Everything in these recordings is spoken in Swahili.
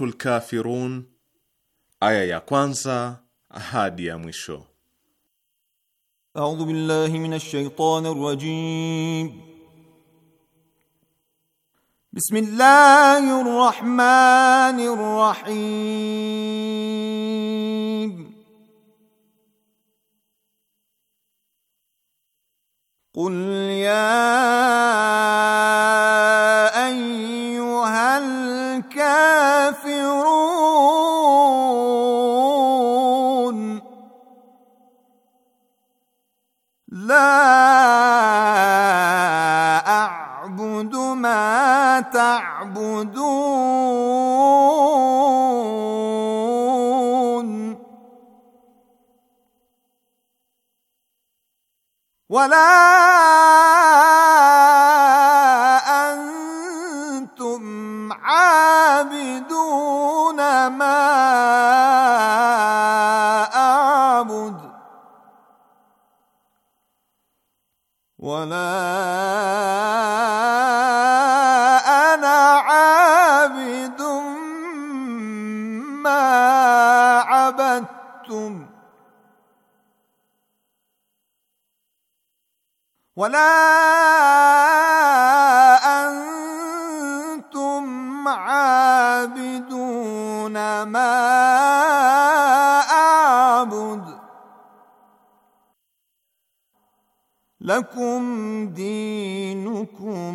Suratul Kafirun aya ya kwanza hadi ya mwisho. A'udhu billahi minash shaitanir rajim. Bismillahir rahmanir rahim. لا اعبد ما تعبدون ولا لكم دينكم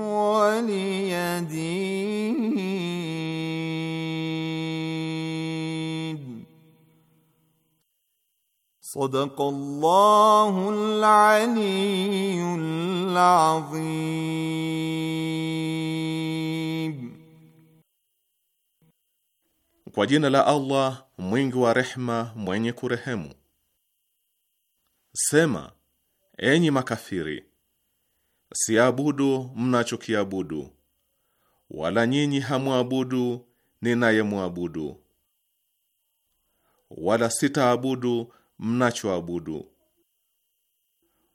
ولي دين صدق الله العلي العظيم Kwa jina la Allah mwingi wa rehma mwenye kurehemu. Sema Enyi makafiri, siabudu mnachokiabudu, wala nyinyi hamwabudu ninayemwabudu, wala sitaabudu mnachoabudu,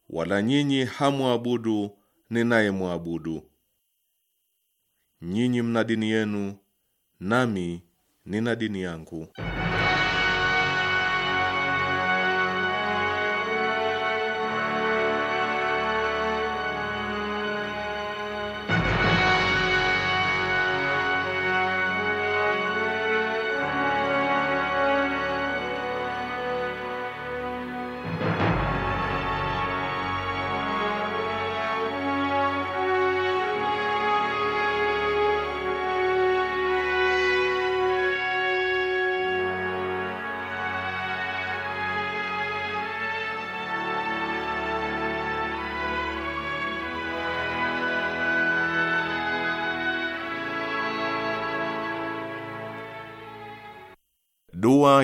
wala nyinyi hamwabudu ninayemwabudu. Nyinyi mna dini yenu, nami nina dini yangu.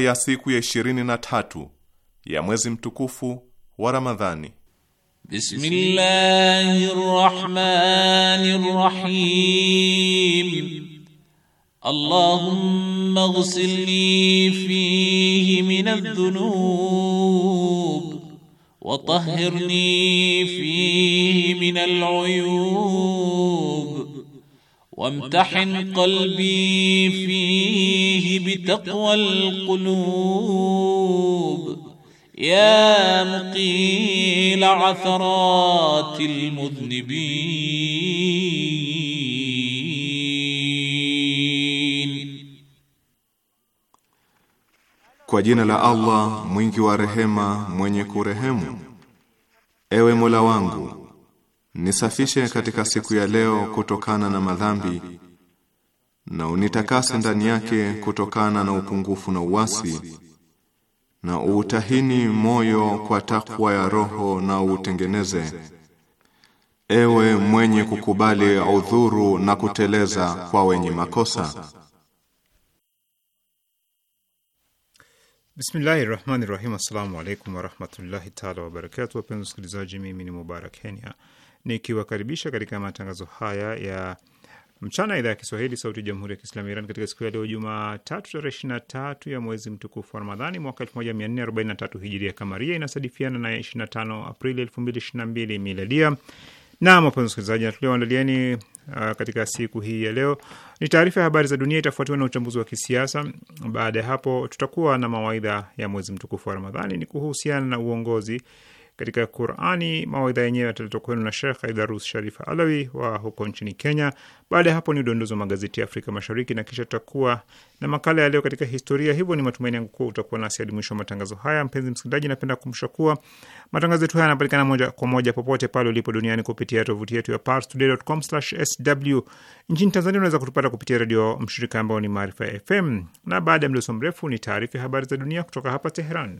ya siku ya ishirini na tatu ya mwezi mtukufu wa Ramadhani. Bismillahir Rahmanir Rahim. Allahumma ighsilni fihi min adh-dhunub wa tahhirni fihi min al-uyub وامتحن قلبي فيه بتقوى القلوب يا مقيل عثرات المذنبين Kwa jina la Allah mwingi wa rehema mwenye kurehemu Ewe Mola wangu Nisafishe katika siku ya leo kutokana na madhambi na unitakase ndani yake kutokana na upungufu na uasi na utahini moyo kwa takwa ya roho na utengeneze ewe mwenye kukubali udhuru na kuteleza kwa wenye makosa Bismillahir Rahmanir Rahim Assalamu alaykum wa rahmatullahi ta'ala wa barakatuh wapenzi wasikilizaji mimi ni Mubarak Kenya nikiwakaribisha katika matangazo haya ya mchana ya idhaa ya Kiswahili sauti ya jamhuri ya kiislamu ya Iran katika siku ya leo Jumatatu tarehe ishirini na tatu ya mwezi mtukufu wa Ramadhani mwaka elfu moja mia nne arobaini na tatu hijiria kamaria inasadifiana na ishirini na tano Aprili elfu mbili ishirini na mbili miladia. Na wapenzi wasikilizaji, na tulioandalieni uh, katika siku hii ya leo ni taarifa ya habari za dunia, itafuatiwa na uchambuzi wa kisiasa. Baada ya hapo, tutakuwa na mawaidha ya mwezi mtukufu wa Ramadhani ni kuhusiana na uongozi katika Qurani. Mawaidha yenyewe yataletwa kwenu na Shekh Aidarus Sharif Alawi wa huko nchini Kenya. Baada ya hapo ni udondozi wa magazeti ya Afrika Mashariki, na kisha tutakuwa na makala ya leo katika historia. Hivyo ni matumaini yangu kuwa utakuwa nasi hadi mwisho wa matangazo haya. Mpenzi msikilizaji, napenda kukumbusha kuwa matangazo yetu haya yanapatikana moja kwa moja popote pale ulipo duniani kupitia tovuti yetu ya parstoday.com/sw. Nchini Tanzania unaweza kutupata kupitia redio mshirika ambao ni Maarifa FM, na baada ya mdoso mrefu ni taarifa ya habari za dunia kutoka hapa Teheran.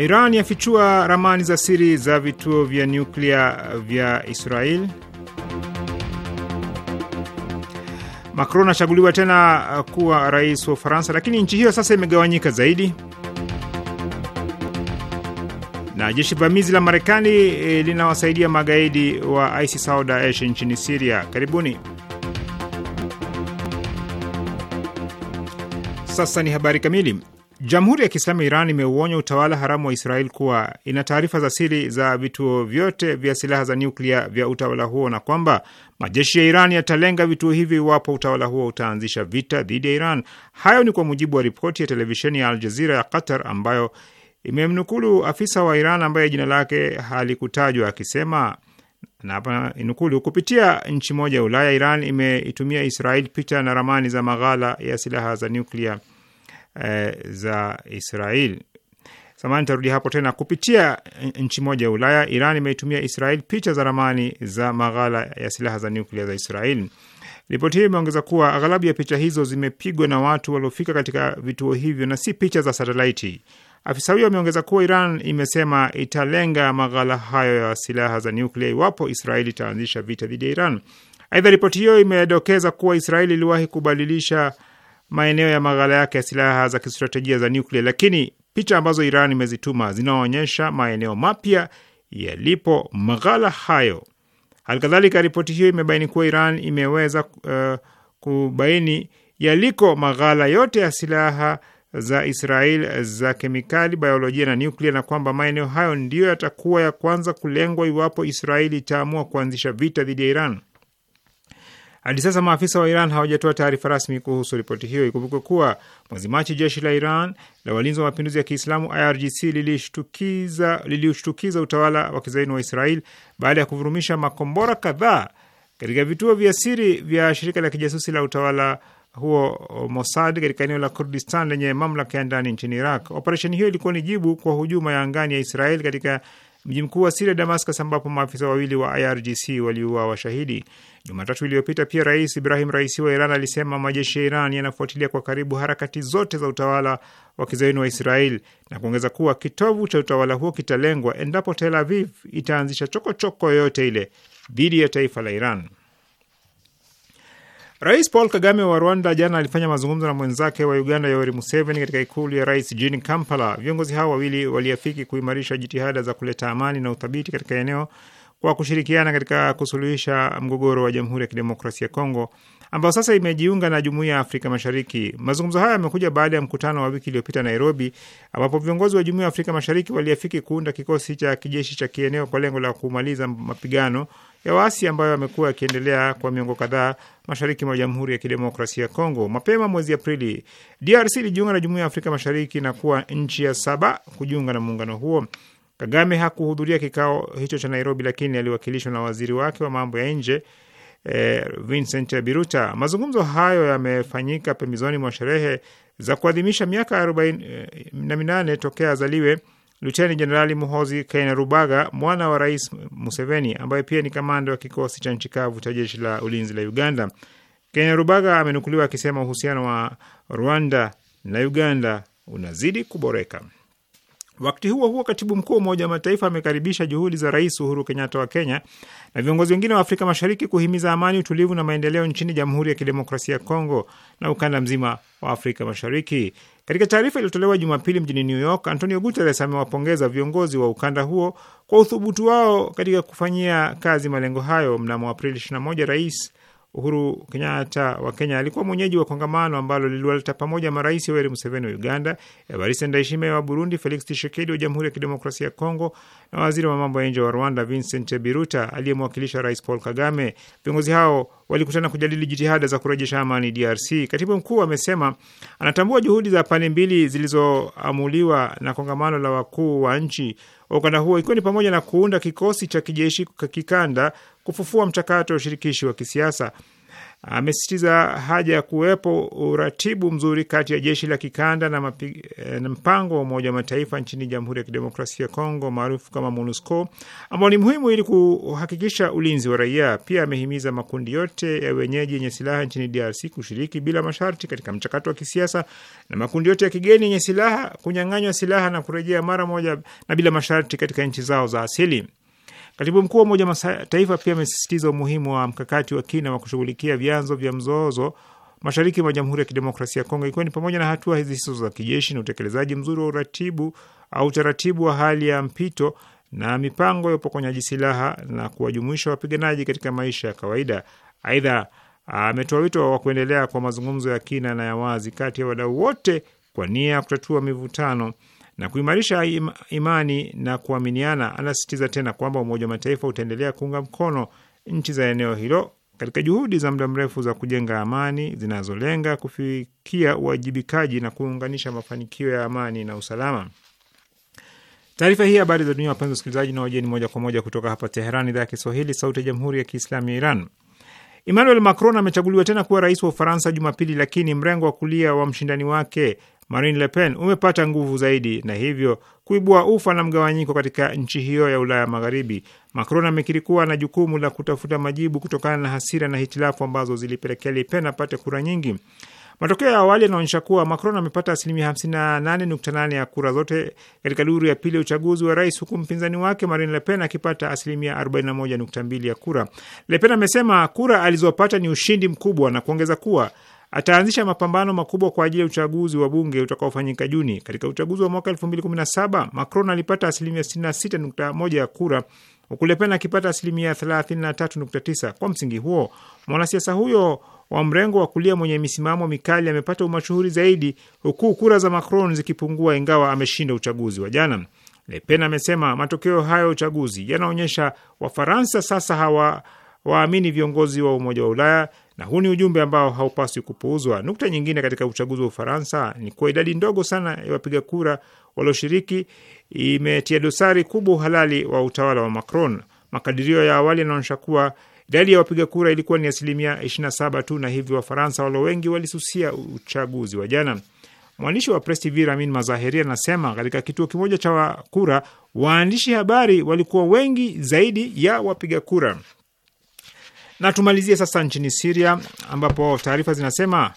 Iran yafichua ramani za siri za vituo vya nyuklia vya Israel. Macron achaguliwa tena uh, kuwa rais wa Ufaransa, lakini nchi hiyo sasa imegawanyika zaidi. Na jeshi vamizi la Marekani e, linawasaidia magaidi wa ISIS au Daesh nchini Siria. Karibuni. Sasa ni habari kamili. Jamhuri ya Kiislamu ya Iran imeuonya utawala haramu wa Israel kuwa ina taarifa za siri za vituo vyote vya silaha za nyuklia vya utawala huo na kwamba majeshi ya Iran yatalenga vituo hivyo iwapo utawala huo utaanzisha vita dhidi ya Iran. Hayo ni kwa mujibu wa ripoti ya televisheni ya Al Jazira ya Qatar ambayo imemnukulu afisa wa Iran ambaye jina lake halikutajwa akisema na hapa inukulu, kupitia nchi moja ya Ulaya, Iran imeitumia Israel picha na ramani za maghala ya silaha za nyuklia e, za Israel. Samani, nitarudi hapo tena. Kupitia nchi moja ya Ulaya, Iran imeitumia Israel picha za ramani za maghala ya silaha za nyuklia za Israel. Ripoti hiyo imeongeza kuwa aghalabu ya picha hizo zimepigwa na watu waliofika katika vituo hivyo na si picha za satelaiti. Afisa huyo ameongeza kuwa Iran imesema italenga maghala hayo ya silaha za nyuklia iwapo Israeli itaanzisha vita dhidi ya Iran. Aidha, ripoti hiyo imedokeza kuwa Israeli iliwahi kubadilisha maeneo ya maghala yake ya silaha za kistratejia za nuklia, lakini picha ambazo Iran imezituma zinaonyesha maeneo mapya yalipo maghala hayo. Halikadhalika, ripoti hiyo imebaini kuwa Iran imeweza uh, kubaini yaliko maghala yote ya silaha za Israel za kemikali, biolojia na nuklia na kwamba maeneo hayo ndiyo yatakuwa ya kwanza kulengwa iwapo Israeli itaamua kuanzisha vita dhidi ya Iran. Hadi sasa maafisa wa Iran hawajatoa taarifa rasmi kuhusu ripoti hiyo. Ikumbukwe kuwa mwezi Machi jeshi la Iran la walinzi wa mapinduzi ya Kiislamu IRGC lilishtukiza liliushtukiza utawala wa kizaini wa Israel baada ya kuvurumisha makombora kadhaa katika vituo vya siri vya shirika la kijasusi la utawala huo Mossad katika eneo la Kurdistan lenye mamlaka ya ndani nchini Iraq. Operesheni hiyo ilikuwa ni jibu kwa hujuma ya angani ya Israel katika mji mkuu wa Siria Damascus, ambapo maafisa wawili wa IRGC waliuawa washahidi. Jumatatu iliyopita pia Rais Ibrahim Raisi wa Iran alisema majeshi ya Iran yanafuatilia kwa karibu harakati zote za utawala wa kizayuni wa Israel na kuongeza kuwa kitovu cha utawala huo kitalengwa endapo Tel Aviv itaanzisha chokochoko yoyote ile dhidi ya taifa la Iran. Rais Paul Kagame wa Rwanda jana alifanya mazungumzo na mwenzake wa Uganda Yoweri Museveni katika ikulu ya rais jijini Kampala. Viongozi hao wawili waliafiki kuimarisha jitihada za kuleta amani na uthabiti katika eneo kwa kushirikiana katika kusuluhisha mgogoro wa Jamhuri ya Kidemokrasia ya Kongo ambayo sasa imejiunga na Jumuiya ya Afrika Mashariki. Mazungumzo hayo yamekuja baada ya mkutano wa wiki iliyopita Nairobi, ambapo viongozi wa Jumuiya ya Afrika Mashariki waliafiki kuunda kikosi cha kijeshi cha kieneo kwa lengo la kumaliza mapigano ya waasi ambayo yamekuwa yakiendelea kwa miongo kadhaa mashariki mwa Jamhuri ya Kidemokrasia ya Kongo. Mapema mwezi Aprili, DRC ilijiunga na Jumuiya ya Afrika Mashariki na kuwa nchi ya saba kujiunga na muungano huo. Kagame hakuhudhuria kikao hicho cha Nairobi, lakini aliwakilishwa na waziri wake wa mambo ya nje eh, Vincent Biruta. Mazungumzo hayo yamefanyika pembezoni mwa sherehe za kuadhimisha miaka arobaini eh, na minane tokea azaliwe Luteni Jenerali Muhozi Kainerubaga, mwana wa Rais Museveni, ambaye pia ni kamanda wa kikosi cha nchi kavu cha jeshi la ulinzi la Uganda. Kainerubaga amenukuliwa akisema uhusiano wa Rwanda na Uganda unazidi kuboreka. Wakati huo huo, katibu mkuu wa Umoja wa Mataifa amekaribisha juhudi za Rais Uhuru Kenyatta wa Kenya na viongozi wengine wa Afrika Mashariki kuhimiza amani, utulivu na maendeleo nchini Jamhuri ya Kidemokrasia ya Kongo na ukanda mzima wa Afrika Mashariki. Katika taarifa iliyotolewa Jumapili mjini New York, Antonio Guterres amewapongeza viongozi wa ukanda huo kwa uthubutu wao katika kufanyia kazi malengo hayo. Mnamo Aprili 21, rais Uhuru Kenyatta wa Kenya alikuwa mwenyeji wa kongamano ambalo liliwaleta pamoja marais Yoweri Museveni wa Uganda, Evariste Ndayishimiye wa Burundi, Felix Tshisekedi wa Jamhuri ya Kidemokrasia ya Kongo na waziri wa mambo ya nje wa Rwanda Vincent Biruta aliyemwakilisha Rais Paul Kagame. Viongozi hao walikutana kujadili jitihada za kurejesha amani DRC. Katibu mkuu amesema anatambua juhudi za pande mbili zilizoamuliwa na kongamano la wakuu wa nchi wa ukanda huo, ikiwa ni pamoja na kuunda kikosi cha kijeshi kikanda kufufua mchakato wa ushirikishi wa kisiasa. Amesisitiza haja ya kuwepo uratibu mzuri kati ya jeshi la kikanda na, mapi, eh, na mpango wa Umoja wa Mataifa nchini Jamhuri ya Kidemokrasia ya Kongo maarufu kama MONUSCO ambao ni muhimu ili kuhakikisha ulinzi wa raia. Pia amehimiza makundi yote ya wenyeji yenye silaha nchini DRC kushiriki bila masharti katika mchakato wa kisiasa na makundi yote ya kigeni yenye silaha kunyang'anywa silaha na kurejea mara moja na bila masharti katika nchi zao za asili. Katibu mkuu wa Umoja wa Mataifa pia amesisitiza umuhimu wa mkakati wa kina wa kushughulikia vyanzo vya mzozo mashariki mwa Jamhuri ya Kidemokrasia ya Kongo, ikiwa ni pamoja na hatua hizo za kijeshi na utekelezaji mzuri wa uratibu au utaratibu wa hali ya mpito na mipango ya upokonyaji silaha na kuwajumuisha wapiganaji katika maisha ya kawaida. Aidha, ametoa wito wa kuendelea kwa mazungumzo ya kina na ya wazi kati ya wadau wote kwa nia ya kutatua mivutano na kuimarisha imani na kuaminiana. Anasisitiza tena kwamba Umoja wa Mataifa utaendelea kuunga mkono nchi za eneo hilo katika juhudi za muda mrefu za kujenga amani zinazolenga kufikia uwajibikaji na kuunganisha mafanikio ya amani na usalama. Taarifa hii habari za dunia, wapenzi wasikilizaji, na wajeni moja kwa moja kutoka hapa Teheran, idhaa ya Kiswahili, sauti ya jamhuri ya kiislamu ya Iran. Emmanuel Macron amechaguliwa tena kuwa rais wa Ufaransa Jumapili, lakini mrengo wa kulia wa mshindani wake Marine Le Pen umepata nguvu zaidi na hivyo kuibua ufa na mgawanyiko katika nchi hiyo ya Ulaya Magharibi. Macron amekiri kuwa na jukumu la kutafuta majibu kutokana na hasira na hitilafu ambazo zilipelekea Le Pen apate kura nyingi. Matokeo ya awali yanaonyesha kuwa Macron amepata asilimia 58.8 ya kura zote katika duru ya pili ya uchaguzi wa rais, huku mpinzani wake Marine Le Pen akipata asilimia 41.2 ya kura. Le Pen amesema kura alizopata ni ushindi mkubwa na kuongeza kuwa ataanzisha mapambano makubwa kwa ajili ya uchaguzi wa bunge utakaofanyika Juni. Katika uchaguzi wa mwaka 2017 Macron alipata asilimia 66.1 ya kura huku Le Pen akipata asilimia 33.9. Kwa msingi huo, mwanasiasa huyo wa mrengo wa kulia mwenye misimamo mikali amepata umashuhuri zaidi, huku kura za Macron zikipungua, ingawa ameshinda uchaguzi wa jana. Le Pen amesema matokeo hayo ya uchaguzi yanaonyesha Wafaransa sasa hawawaamini viongozi wa Umoja wa Ulaya na huu ni ujumbe ambao haupaswi kupuuzwa. Nukta nyingine katika uchaguzi wa Ufaransa ni kuwa idadi ndogo sana ya wapiga kura walioshiriki imetia dosari kubwa uhalali wa utawala wa Macron. Makadirio ya awali yanaonyesha kuwa idadi ya wapiga kura ilikuwa ni asilimia 27 tu, na hivyo Wafaransa walio wengi walisusia uchaguzi wa jana. Mwandishi wa Press TV Ramin Mazaheri anasema katika kituo kimoja cha kura waandishi habari walikuwa wengi zaidi ya wapiga kura. Na tumalizie sasa nchini Siria ambapo taarifa zinasema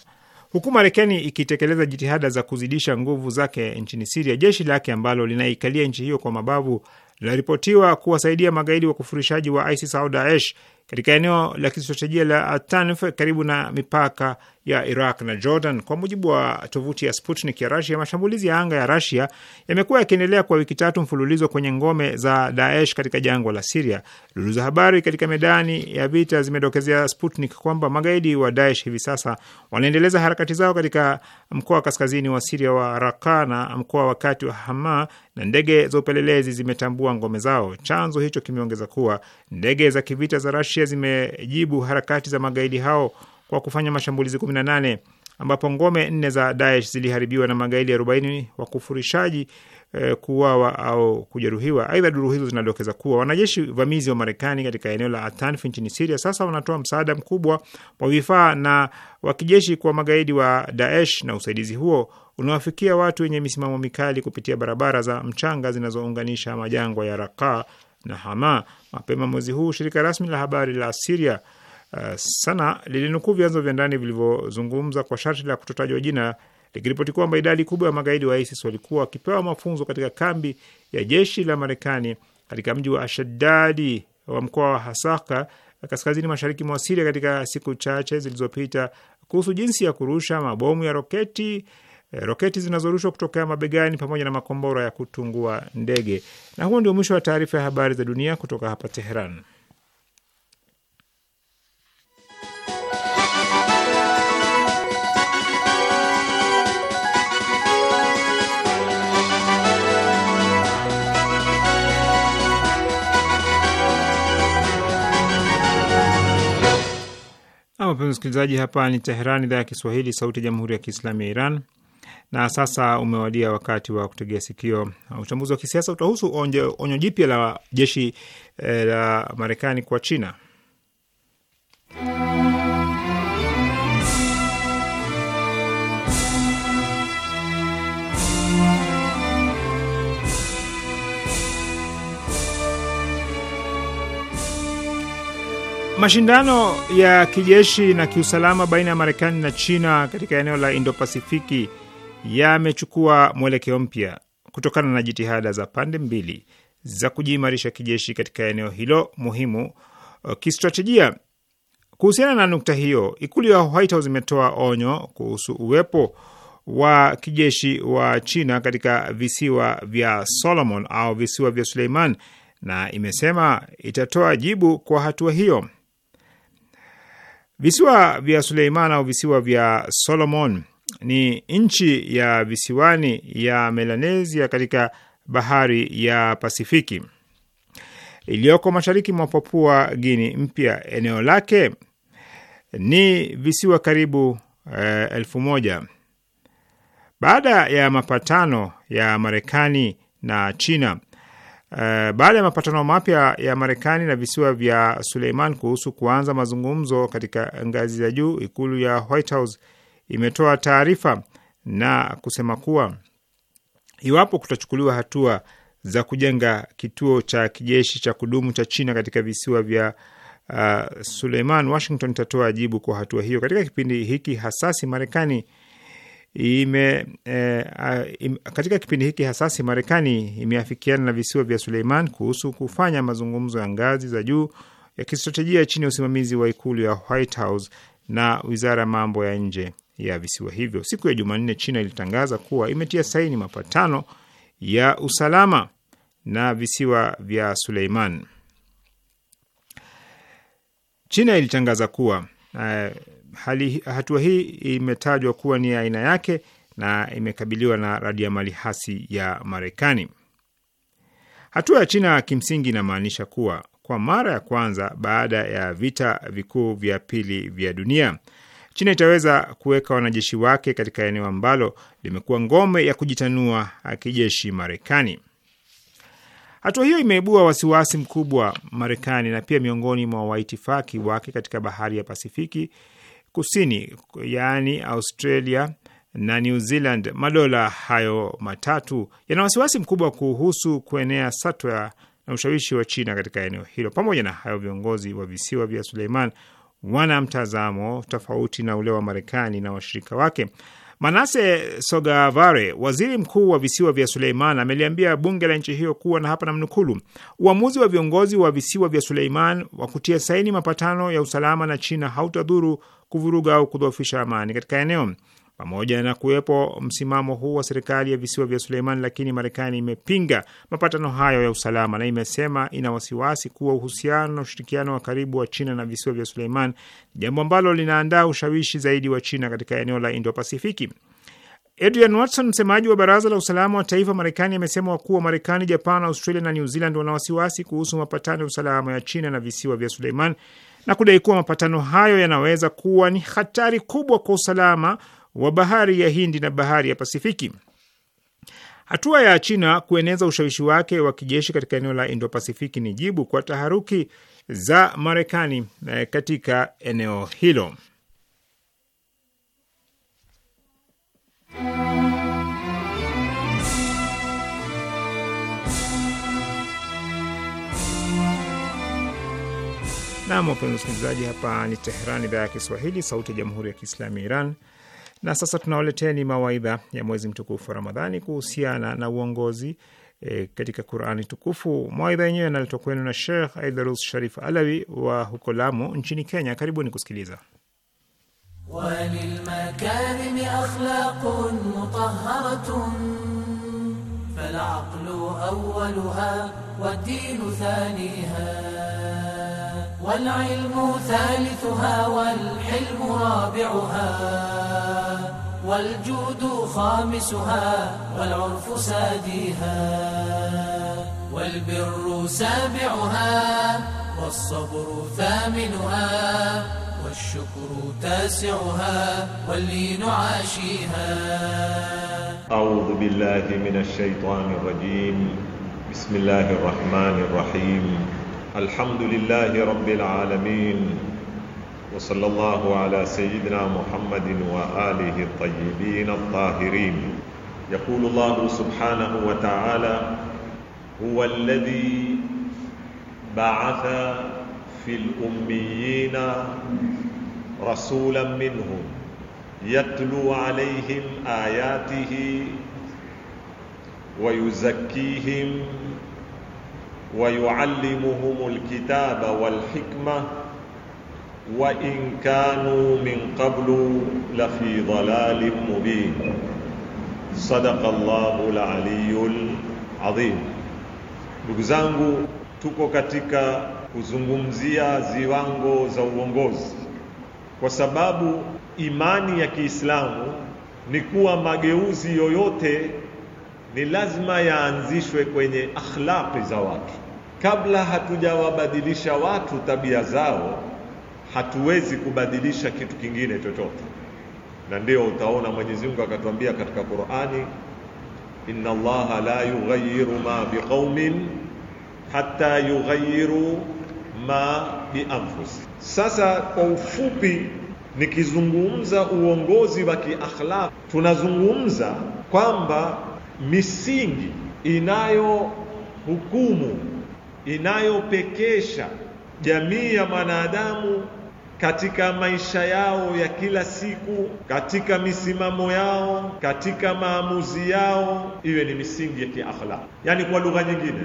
huku Marekani ikitekeleza jitihada za kuzidisha nguvu zake nchini Siria, jeshi lake ambalo linaikalia nchi hiyo kwa mabavu linaripotiwa kuwasaidia magaidi wa kufurishaji wa ISIS au Daesh katika eneo la kistratejia la Tanf karibu na mipaka ya Iraq na Jordan. Kwa mujibu wa tovuti ya Sputnik ya Rasia, mashambulizi ya anga ya Rasia yamekuwa yakiendelea kwa wiki tatu mfululizo kwenye ngome za Daesh katika jangwa la Siria. Duru za habari katika medani ya vita zimedokezea Sputnik kwamba magaidi wa Daesh hivi sasa wanaendeleza harakati zao katika mkoa wa kaskazini wa Siria wa Raka na mkoa wa kati wa Hama, na ndege za upelelezi zimetambua ngome zao. Chanzo hicho kimeongeza kuwa ndege za kivita za Rasia Rusia zimejibu harakati za magaidi hao kwa kufanya mashambulizi 18 ambapo ngome nne za Daesh ziliharibiwa na magaidi 40 wakufurishaji e, eh, kuuawa au kujeruhiwa. Aidha, duru hizo zinadokeza kuwa wanajeshi vamizi wa Marekani katika eneo la Atanf nchini Siria sasa wanatoa msaada mkubwa wa vifaa na wa kijeshi kwa magaidi wa Daesh, na usaidizi huo unawafikia watu wenye misimamo mikali kupitia barabara za mchanga zinazounganisha majangwa ya Raka na Hama. Mapema mwezi huu shirika rasmi la habari la Siria uh, Sana lilinukuu vyanzo vya ndani vilivyozungumza kwa sharti la kutotajwa jina likiripoti kwamba idadi kubwa ya magaidi wa ISIS walikuwa wakipewa mafunzo katika kambi ya jeshi la Marekani katika mji wa Ashdadi wa mkoa wa Hasaka kaskazini mashariki mwa Siria katika siku chache zilizopita kuhusu jinsi ya kurusha mabomu ya roketi E, roketi zinazorushwa kutoka mabegani pamoja na makombora ya kutungua ndege. Na huo ndio mwisho wa taarifa ya habari za dunia kutoka hapa Teheran. Mpenzi msikilizaji, hapa ni Teherani, idhaa ya Kiswahili, sauti ya jamhuri ya kiislamu ya Iran. Na sasa umewadia wakati wa kutegea sikio. Uh, uchambuzi wa kisiasa utahusu onyo, onyo jipya la jeshi eh, la Marekani kwa China. Mashindano ya kijeshi na kiusalama baina ya Marekani na China katika eneo la Indo-Pasifiki yamechukua mwelekeo mpya kutokana na jitihada za pande mbili za kujiimarisha kijeshi katika eneo hilo muhimu uh, kistratejia. Kuhusiana na nukta hiyo, ikulu ya White House imetoa onyo kuhusu uwepo wa kijeshi wa China katika visiwa vya Solomon au visiwa vya Suleiman na imesema itatoa jibu kwa hatua hiyo. Visiwa vya Suleiman au visiwa vya Solomon ni nchi ya visiwani ya Melanesia katika bahari ya Pasifiki iliyoko mashariki mwa Papua Guini Mpya. Eneo lake ni visiwa karibu eh, elfu moja. Baada ya mapatano ya Marekani na China uh, baada ya mapatano mapya ya Marekani na visiwa vya Suleiman kuhusu kuanza mazungumzo katika ngazi za juu, ikulu ya White House imetoa taarifa na kusema kuwa iwapo kutachukuliwa hatua za kujenga kituo cha kijeshi cha kudumu cha China katika visiwa vya uh, Suleiman, Washington itatoa jibu kwa hatua hiyo. Katika kipindi hiki hasasi Marekani ime, e, eh, a, uh, im, katika kipindi hiki hasasi Marekani imeafikiana na visiwa vya Suleiman kuhusu kufanya mazungumzo ya ngazi za juu ya kistratejia chini ya usimamizi wa ikulu ya White House na wizara ya mambo ya nje ya visiwa hivyo. Siku ya Jumanne, China ilitangaza kuwa imetia saini mapatano ya usalama na visiwa vya Suleiman. China ilitangaza kuwa uh, hali, hatua hii imetajwa kuwa ni aina yake na imekabiliwa na mali hasi ya Marekani. Hatua ya China kimsingi inamaanisha kuwa kwa mara ya kwanza baada ya vita vikuu vya pili vya dunia China itaweza kuweka wanajeshi wake katika eneo ambalo limekuwa ngome ya kujitanua kijeshi Marekani. Hatua hiyo imeibua wasiwasi mkubwa Marekani na pia miongoni mwa waitifaki wake katika bahari ya Pasifiki Kusini, yaani Australia na New Zealand. Madola hayo matatu yana wasiwasi mkubwa kuhusu kuenea satwa na ushawishi wa China katika eneo hilo. Pamoja na hayo, viongozi wa visiwa vya Suleiman wana mtazamo tofauti na ule wa Marekani na washirika wake. Manase Sogavare, waziri mkuu wa visiwa vya Suleiman, ameliambia bunge la nchi hiyo kuwa na hapa namnukulu, uamuzi wa viongozi wa visiwa vya Suleiman wa kutia saini mapatano ya usalama na China hautadhuru kuvuruga au kudhoofisha amani katika eneo. Pamoja na kuwepo msimamo huu wa serikali ya visiwa vya Suleiman, lakini Marekani imepinga mapatano hayo ya usalama na imesema ina wasiwasi kuwa uhusiano na ushirikiano wa karibu wa China na visiwa vya Suleiman, jambo ambalo linaandaa ushawishi zaidi wa China katika eneo la Indo Pasifiki. Adrian Watson, msemaji wa baraza la usalama wa taifa Marekani, amesema wakuu wa Marekani, Japan, Australia na New Zealand wana wasiwasi kuhusu mapatano ya usalama ya China na visiwa vya Suleiman na kudai kuwa mapatano hayo yanaweza kuwa ni hatari kubwa kwa usalama wa bahari ya Hindi na bahari ya Pasifiki. Hatua ya China kueneza ushawishi wake wa kijeshi katika eneo la Indo-Pasifiki ni jibu kwa taharuki za Marekani eh, katika eneo hilo. Nam, wapenzi wasikilizaji, hapa ni Teheran, idhaa ya Kiswahili, sauti ya jamhuri ya kiislamu ya Iran. Na sasa tunawaleteni mawaidha ya mwezi mtukufu wa Ramadhani kuhusiana na uongozi e, katika Qurani tukufu. Mawaidha yenyewe yanaletwa kwenu na Shekh Aidarus Sharif Alawi wa huko Lamu nchini Kenya. Karibuni kusikiliza. والعلم ثالثها والحلم رابعها والجود خامسها والعرف ساديها والبر سابعها والصبر ثامنها والشكر تاسعها واللين عاشيها أعوذ بالله من الشيطان الرجيم بسم الله الرحمن الرحيم الحمد لله رب العالمين وصلى الله على سيدنا محمد وآله الطيبين الطاهرين يقول الله سبحانه وتعالى هو الذي بعث في الأميين رسولا منهم يتلو عليهم آياته ويزكيهم ويعلمهم الكتاب والحكمة وإن كانوا من قبل لفي ضلال مبين صدق الله العلي العظيم ndugu zangu tuko katika kuzungumzia ziwango za uongozi kwa sababu imani ya Kiislamu ni kuwa mageuzi yoyote ni lazima yaanzishwe kwenye akhlaqi za watu. Kabla hatujawabadilisha watu tabia zao, hatuwezi kubadilisha kitu kingine chochote, na ndio utaona Mwenyezi Mungu akatuambia katika Qur'ani, inna Allaha la yughayyiru ma biqaumin hatta yughayyiru ma bianfusi. Sasa kwa ufupi, nikizungumza uongozi wa kiakhlaq, tunazungumza kwamba misingi inayohukumu inayopekesha jamii ya mwanadamu katika maisha yao ya kila siku, katika misimamo yao, katika maamuzi yao, iwe ni misingi ya kiakhlaq. Yaani, kwa lugha nyingine,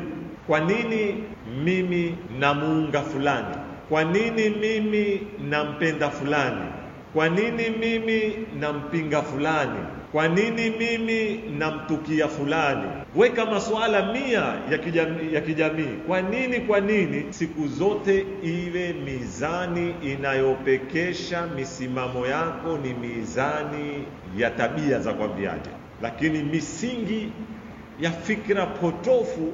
kwa nini mimi namuunga fulani? Kwa nini mimi nampenda fulani? Kwa nini mimi nampinga fulani? Kwa nini mimi namtukia fulani? Weka masuala mia ya kijamii, ya kijamii. Kwa nini? Kwa nini siku zote iwe mizani inayopekesha misimamo yako ni mizani ya tabia za kwambiaje, lakini misingi ya fikra potofu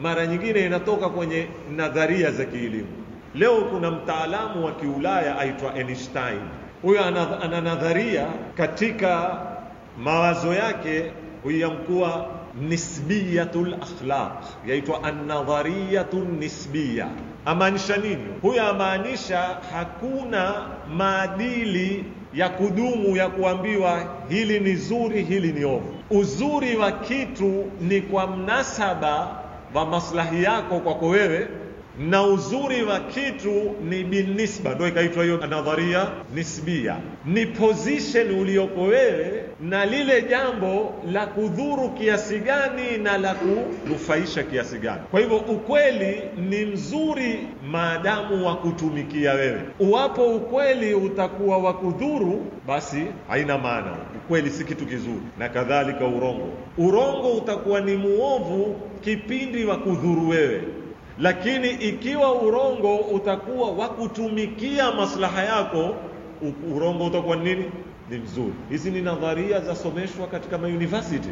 mara nyingine inatoka kwenye nadharia za kielimu. Leo kuna mtaalamu wa Kiulaya aitwa Einstein, huyo ana, ana nadharia katika mawazo yake huyakuwa nisbiyatul akhlaq, yaitwa an-nadhariyatun nisbiya. Amaanisha nini? Huyo amaanisha hakuna maadili ya kudumu ya kuambiwa hili ni zuri, hili ni ovu. Uzuri wa kitu ni kwa mnasaba wa maslahi yako kwako wewe na uzuri wa kitu ni binisba, ndio ikaitwa hiyo nadharia nisbia. Ni position uliyoko wewe na lile jambo la kudhuru kiasi gani na la kunufaisha kiasi gani. Kwa hivyo ukweli ni mzuri maadamu wa kutumikia wewe. Uwapo ukweli utakuwa wa kudhuru, basi haina maana, ukweli si kitu kizuri, na kadhalika urongo. Urongo utakuwa ni muovu kipindi wa kudhuru wewe lakini ikiwa urongo utakuwa wa kutumikia maslaha yako, urongo utakuwa nini? Ni mzuri. Hizi ni nadharia zasomeshwa katika mauniversity,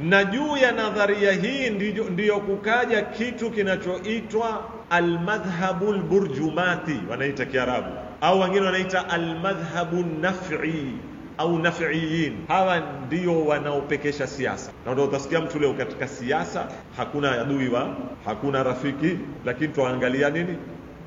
na juu ya nadharia hii ndiyo, ndiyo kukaja kitu kinachoitwa almadhhabu lburjumati, wanaita Kiarabu au wengine wanaita almadhhabu naf'i au nafiiin. Hawa ndio wanaopekesha siasa, na ndio utasikia mtu leo katika siasa hakuna adui wa hakuna rafiki, lakini tuangalia nini,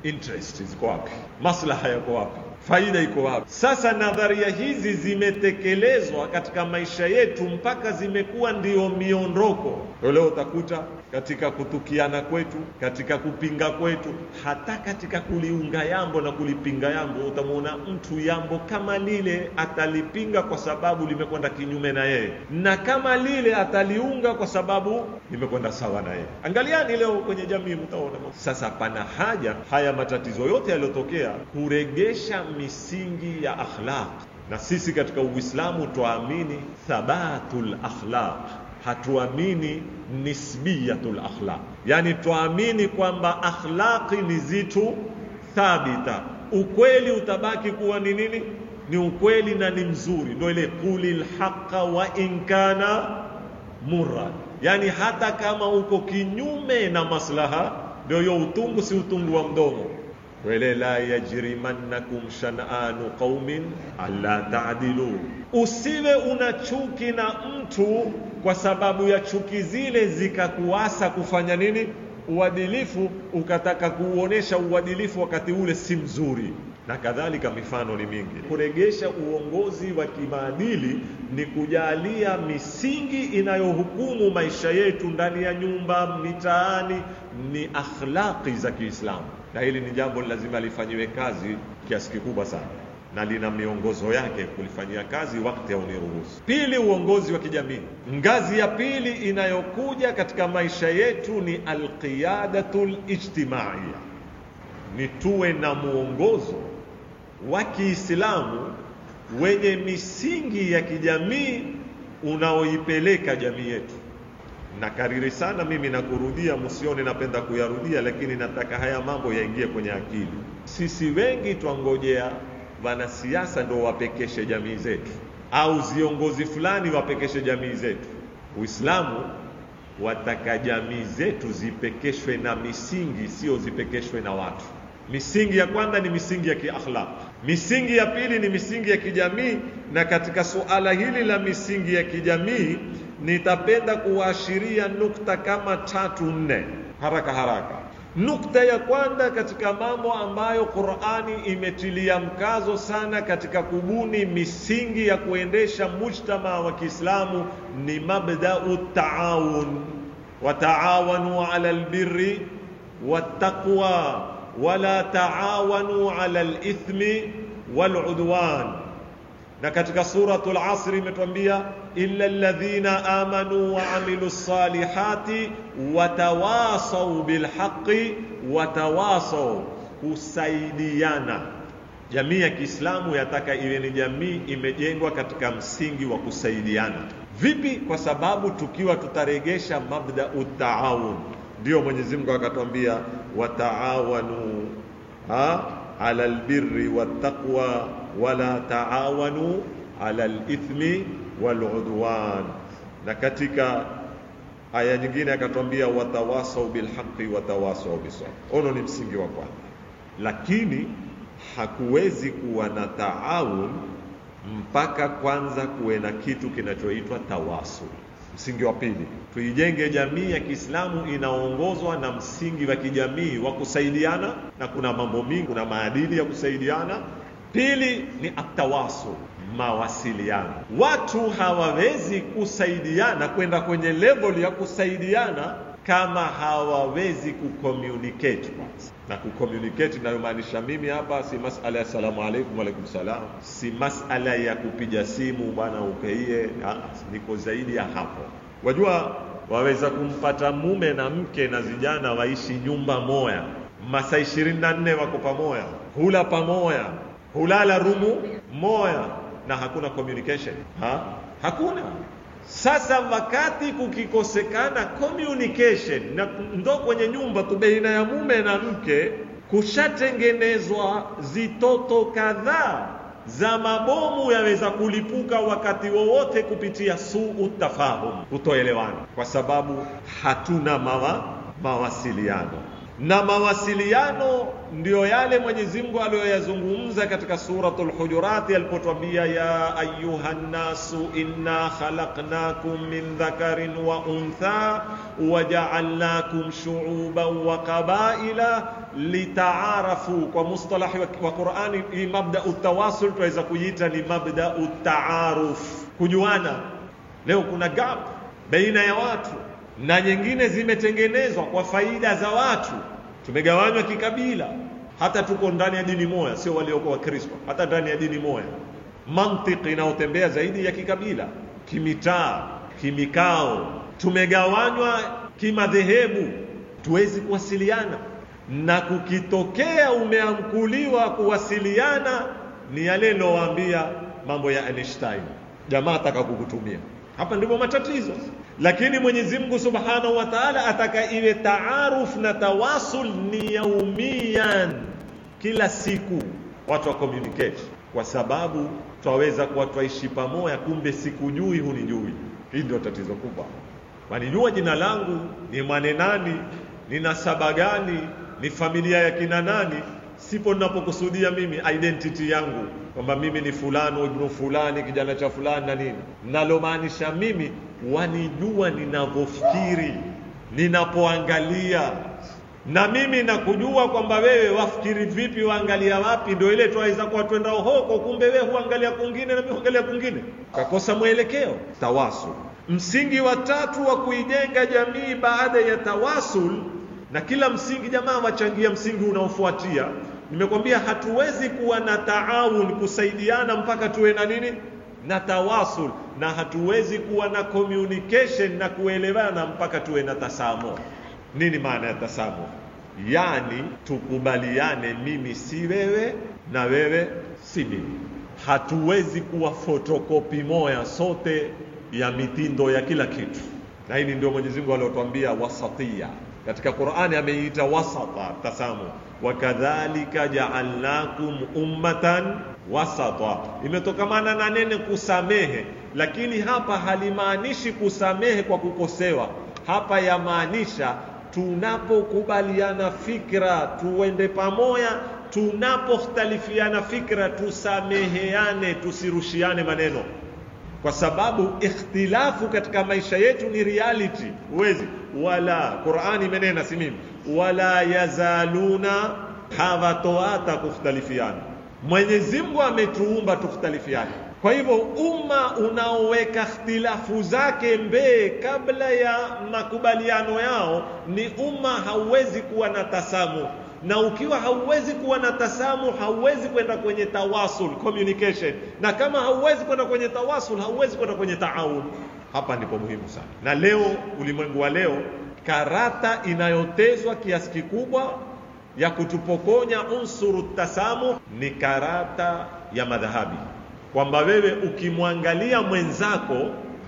interest ziko wapi, maslaha yako wapi faida iko wapi? Sasa nadharia hizi zimetekelezwa katika maisha yetu mpaka zimekuwa ndio miondoko. Leo utakuta katika kutukiana kwetu, katika kupinga kwetu, hata katika kuliunga yambo na kulipinga yambo, utamwona mtu yambo kama lile atalipinga kwa sababu limekwenda kinyume na yeye, na kama lile ataliunga kwa sababu limekwenda sawa na yeye. Angaliani leo kwenye jamii, mtaona sasa pana haja haya matatizo yote yaliyotokea kuregesha misingi ya akhlaq, na sisi katika Uislamu twaamini thabatul akhlaq, hatuamini nisbiyatul akhlaq, yani twaamini kwamba akhlaqi ni zitu thabita, ukweli utabaki kuwa ni nini? Ni ukweli na ni mzuri, ndio ile qulil haqa wa inkana murra, yani hata kama uko kinyume na maslaha. Ndio hiyo utungu, si utungu wa mdomo wele la yajrimannakum shan'anu qaumin alla ta'dilu, usiwe una chuki na mtu kwa sababu ya chuki zile zikakuasa kufanya nini? Uadilifu, ukataka kuuonesha uadilifu wakati ule si mzuri, na kadhalika. Mifano ni mingi. Kuregesha uongozi wa kimaadili ni kujalia misingi inayohukumu maisha yetu ndani ya nyumba, mitaani, ni akhlaqi za Kiislamu na hili ni jambo lazima lifanyiwe kazi kiasi kikubwa sana, na lina miongozo yake kulifanyia kazi wakati hauniruhusu. Pili, uongozi wa kijamii. Ngazi ya pili inayokuja katika maisha yetu ni alqiyadatul ijtimaiya, ni tuwe na muongozo wa Kiislamu wenye misingi ya kijamii unaoipeleka jamii yetu Nakariri sana mimi na kurudia, msione napenda kuyarudia, lakini nataka haya mambo yaingie kwenye akili. Sisi wengi twangojea wanasiasa ndio wapekeshe jamii zetu, au viongozi fulani wapekeshe jamii zetu. Uislamu wataka jamii zetu zipekeshwe na misingi, sio zipekeshwe na watu. Misingi ya kwanza ni misingi ya kiakhlaq, misingi ya pili ni misingi ya kijamii. Na katika suala hili la misingi ya kijamii nitapenda kuwaashiria nukta kama tatu nne haraka haraka. Nukta ya kwanza katika mambo ambayo Qur'ani imetilia mkazo sana katika kubuni misingi ya kuendesha mujtama wa Kiislamu ni mabda'u taawun, wataawanu ala albirri wattaqwa wala taawanu ala alithmi waludwan. Na katika suratul Asr imetuambia illa alladhina amanu wa amilu salihati watawasau bilhaqi watawasau, kusaidiana Jamii ya Kiislamu yataka iwe ni jamii imejengwa katika msingi wa kusaidiana. Vipi? Kwa sababu tukiwa tutaregesha mabda utaawun, ndio Mwenyezi Mungu akatwambia wataawanu ala albirri wattaqwa wala taawanu ala alithmi waludwan. Na katika aya nyingine akatwambia watawasau bilhaqi watawasau bisabr. Ono ni msingi wa kwanza, lakini hakuwezi kuwa na taawun mpaka kwanza kuwe na kitu kinachoitwa tawasul. Msingi wa pili, tuijenge jamii ya Kiislamu inaongozwa na msingi wa kijamii wa kusaidiana, na kuna mambo mingi, kuna maadili ya kusaidiana. Pili ni atawasul mawasiliano. Watu hawawezi kusaidiana kwenda kwenye level ya kusaidiana kama hawawezi kucommunicate kwanza, na kucommunicate inayomaanisha mimi hapa si masala ya salamu alaikum, alaikum salam, si masala ya kupiga simu bwana upeie, ah, niko zaidi ya hapo. Wajua, waweza kumpata mume na mke na vijana waishi nyumba moya, masaa ishirini na nne wako pamoya, hula pamoya, hulala rumu moya na hakuna communication ha? Hakuna. Sasa wakati kukikosekana communication na ndo kwenye nyumba tu baina ya mume na mke, kushatengenezwa zitoto kadhaa za mabomu yaweza kulipuka wakati wowote kupitia suu tafahum, kutoelewana, kwa sababu hatuna mawa, mawasiliano na mawasiliano ndiyo yale Mwenyezi Mungu aliyoyazungumza katika suratul Hujurat alipotwambia, ya ayuha nnasu inna khalaqnakum min dhakarin wa untha wajaalnakum shuuban wa qabaila litaarafu. Kwa mustalahi wa Qurani, hii mabdau utawasul tunaweza kuiita ni mabda utaaruf, kujuana. Leo kuna gap baina ya watu na nyingine zimetengenezwa kwa faida za watu. Tumegawanywa kikabila, hata tuko ndani ya dini moja, sio walioko Wakristo, hata ndani ya dini moja, mantiki inayotembea zaidi ya kikabila, kimitaa, kimikao, tumegawanywa kimadhehebu, tuwezi kuwasiliana na kukitokea umeamkuliwa kuwasiliana, ni yale nilowaambia mambo ya Einstein, jamaa ataka kukutumia hapa. Ndipo matatizo lakini Mwenyezi Mungu Subhanahu wa Ta'ala ataka iwe taaruf na tawasul ni yaumian, kila siku watu wa communicate, kwa sababu twaweza kuwa twaishi pamoja, kumbe sikujui hunijui. Hii ndio tatizo kubwa. Wanijua jina langu, ni mwane nani, ni nasaba gani, ni familia ya kina nani, sipo ninapokusudia mimi identity yangu kwamba mimi ni fulano ibnu fulani kijana cha fulani na nini. Nalomaanisha mimi wanijua ninavyofikiri, ninapoangalia na mimi nakujua kwamba wewe wafikiri vipi, waangalia wapi. Ndio ile twaweza kuwa twenda hoko, kumbe wewe huangalia kungine na mimi huangalia kungine, kakosa mwelekeo. Tawasul, msingi wa tatu wa kuijenga jamii baada ya tawasul, na kila msingi jamaa wachangia msingi unaofuatia nimekwambia hatuwezi kuwa na taawun kusaidiana mpaka tuwe na nini na tawasul na hatuwezi kuwa na communication na kuelewana mpaka tuwe na tasamo nini maana ya tasamo yani tukubaliane mimi si wewe na wewe si mimi hatuwezi kuwa fotokopi moja sote ya mitindo ya kila kitu na hili ndio Mwenyezi Mungu aliyotuambia wasatia katika Qur'ani ameita wasata tasamu, wakadhalika ja'alnakum ummatan wasata, imetokamana na nene kusamehe, lakini hapa halimaanishi kusamehe kwa kukosewa. Hapa yamaanisha tunapokubaliana fikra tuende pamoja, tunapokhtalifiana fikra tusameheane, tusirushiane maneno, kwa sababu ikhtilafu katika maisha yetu ni reality. Huwezi wala Qur'ani imenena, si mimi, wala yazaluna hawatoata kukhtalifiana. Mwenyezi Mungu ametuumba tukhtalifiana. Kwa hivyo umma unaoweka ikhtilafu zake mbee kabla ya makubaliano yao ni umma, hauwezi kuwa na tasamu, na ukiwa hauwezi kuwa na tasamu, hauwezi kwenda kwenye tawasul communication, na kama hauwezi kwenda kwenye tawasul, hauwezi kwenda kwenye taawun. Hapa ndipo muhimu sana, na leo ulimwengu wa leo, karata inayotezwa kiasi kikubwa ya kutupokonya unsuru tasamuh ni karata ya madhahabi, kwamba wewe ukimwangalia mwenzako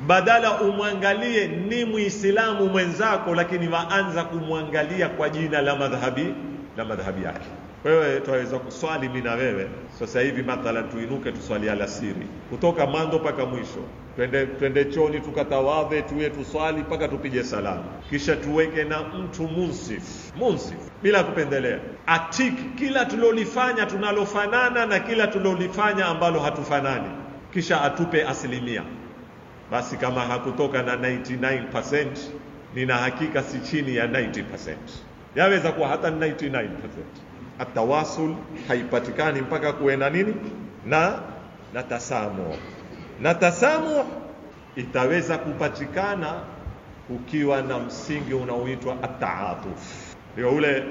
badala umwangalie ni Muislamu mwenzako, lakini waanza kumwangalia kwa jina la madhhabi la madhhabi yake. Wewe twaweza kuswali mimi na wewe sasa hivi mathalan, tuinuke tuswali alasiri kutoka mwanzo mpaka mwisho twende, twende choni tukatawadhe, tuye tuswali mpaka tupige salamu, kisha tuweke na mtu munsif munsif, bila kupendelea, atik kila tulolifanya tunalofanana na kila tulolifanya ambalo hatufanani, kisha atupe asilimia. Basi kama hakutoka na 99% nina hakika si chini ya 90%, yaweza kuwa hata 99%. Atawasul haipatikani mpaka kuwe na nini na na tasamo na tasamuh itaweza kupatikana ukiwa na msingi unaoitwa ataatuf. Ndio ule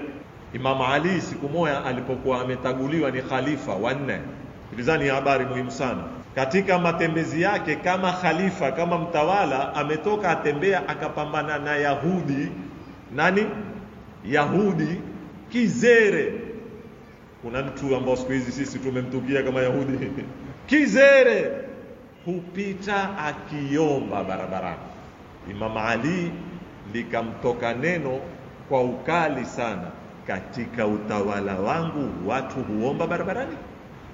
Imam Ali siku moja alipokuwa ametaguliwa ni khalifa wanne, ilizani habari muhimu sana katika matembezi yake kama khalifa, kama mtawala, ametoka atembea, akapambana na Yahudi nani Yahudi kizere. Kuna mtu ambao siku hizi sisi tumemtukia kama Yahudi kizere hupita akiomba barabarani. Imam Ali likamtoka neno kwa ukali sana, katika utawala wangu watu huomba barabarani.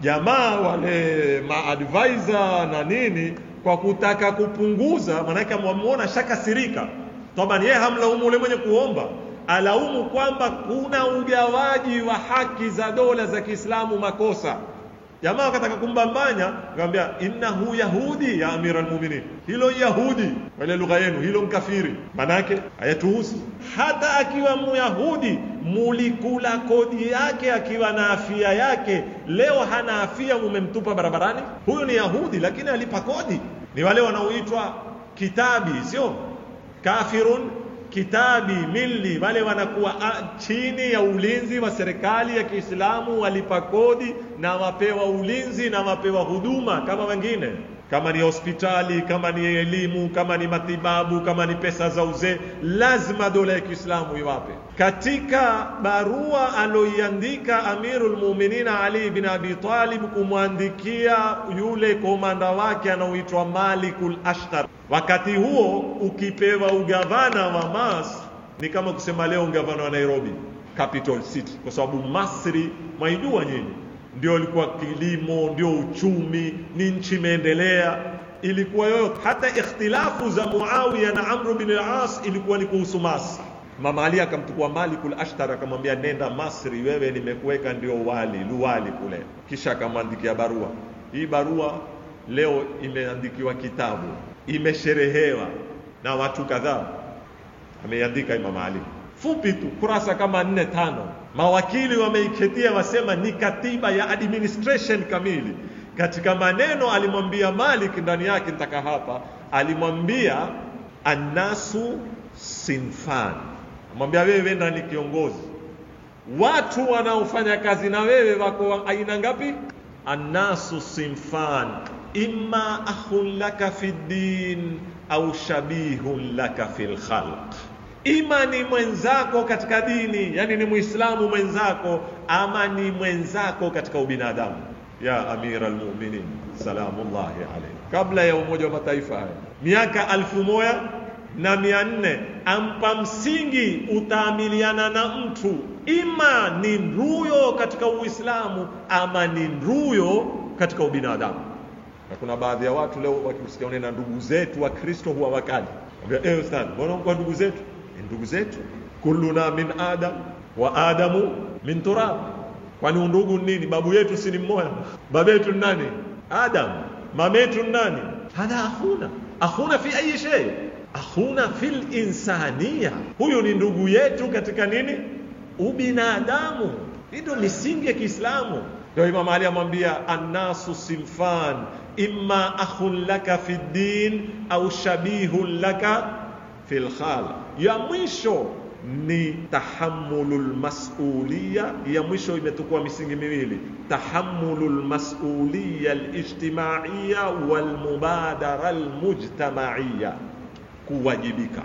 Jamaa wale maadvisor na nini, kwa kutaka kupunguza, maanake amwamwona shakasirika tabani, yeye hamlaumu ule mwenye kuomba, alaumu kwamba kuna ugawaji wa haki za dola za Kiislamu makosa jamaa akataka kumbambanya akamwambia innahu yahudi ya amira almu'minin hilo yahudi kwa ile lugha yenu hilo mkafiri manake hayatuhusu hata akiwa myahudi mulikula kodi yake akiwa na afia yake leo hana afia mumemtupa barabarani huyo ni yahudi lakini alipa kodi ni wale wanaoitwa kitabi sio kafirun kitabi milli wale wanakuwa chini ya ulinzi wa serikali ya Kiislamu, walipa kodi na wapewa ulinzi na wapewa huduma kama wengine kama ni hospitali, kama ni elimu, kama ni matibabu, kama ni pesa za uzee, lazima dola ya Kiislamu iwape. Katika barua aloiandika Amirul Mu'minin Ali bin Abi Talib kumwandikia yule komanda wake anaoitwa Malikul Ashtar, wakati huo ukipewa ugavana wa Mas ni kama kusema leo ugavana wa Nairobi capital city, kwa sababu Masri mwaijua nyinyi ndio ilikuwa kilimo, ndio uchumi, ni nchi imeendelea. Ilikuwa yoyo, hata ikhtilafu za Muawiya na Amr bin al-As ilikuwa ni kuhusu Masri. Mama Ali akamtukua Malikul Ashtar akamwambia, nenda Masri, wewe nimekuweka ndio wali luwali kule. Kisha akamwandikia barua. Hii barua leo imeandikiwa kitabu, imesherehewa na watu kadhaa, ameandika Imam Ali, fupi tu kurasa kama nne tano Mawakili wameiketia wasema ni katiba ya administration kamili. Katika maneno alimwambia Malik ndani yake nitaka hapa, alimwambia annasu sinfan, amwambia wewe wenda ni kiongozi, watu wanaofanya kazi na wewe wako aina ngapi? Annasu sinfan, imma ahun laka fi din au shabihun laka fil khalq ima ni mwenzako katika dini, yani ni Muislamu mwenzako ama ni mwenzako katika ubinadamu. Ya Amira almuminin salamullahi alayhi, kabla ya Umoja wa Mataifa haya miaka alfu moja na mia nne ampa msingi utaamiliana na mtu, ima ni nduyo katika Uislamu ama ni nduyo katika ubinadamu. Na kuna baadhi ya watu leo wakisikia na ndugu zetu wa Kristo huwa wakali, ambia eh, ustadhi, mbona kwa ndugu zetu ni eh, ndugu zetu, kulluna min adam wa adamu min turab. Kwani undugu nini? Babu yetu si ni mmoja? Baba yetu nani? Adam. Mama yetu nani? Hadha akhuna akhuna fi ayi shay, akhuna fil insania. Huyu ni ndugu yetu katika nini? Ubinadamu. Hii ndio misingi ya Kiislamu. Ndio Imam Ali amwambia annasu sinfan imma akhun laka fi din au shabihun laka fil khal, Ya mwisho ni tahammulul masuliya. Ya mwisho imetukua misingi miwili, tahammulul masuliya alijtimaiya wal mubadara almujtamaiya, kuwajibika.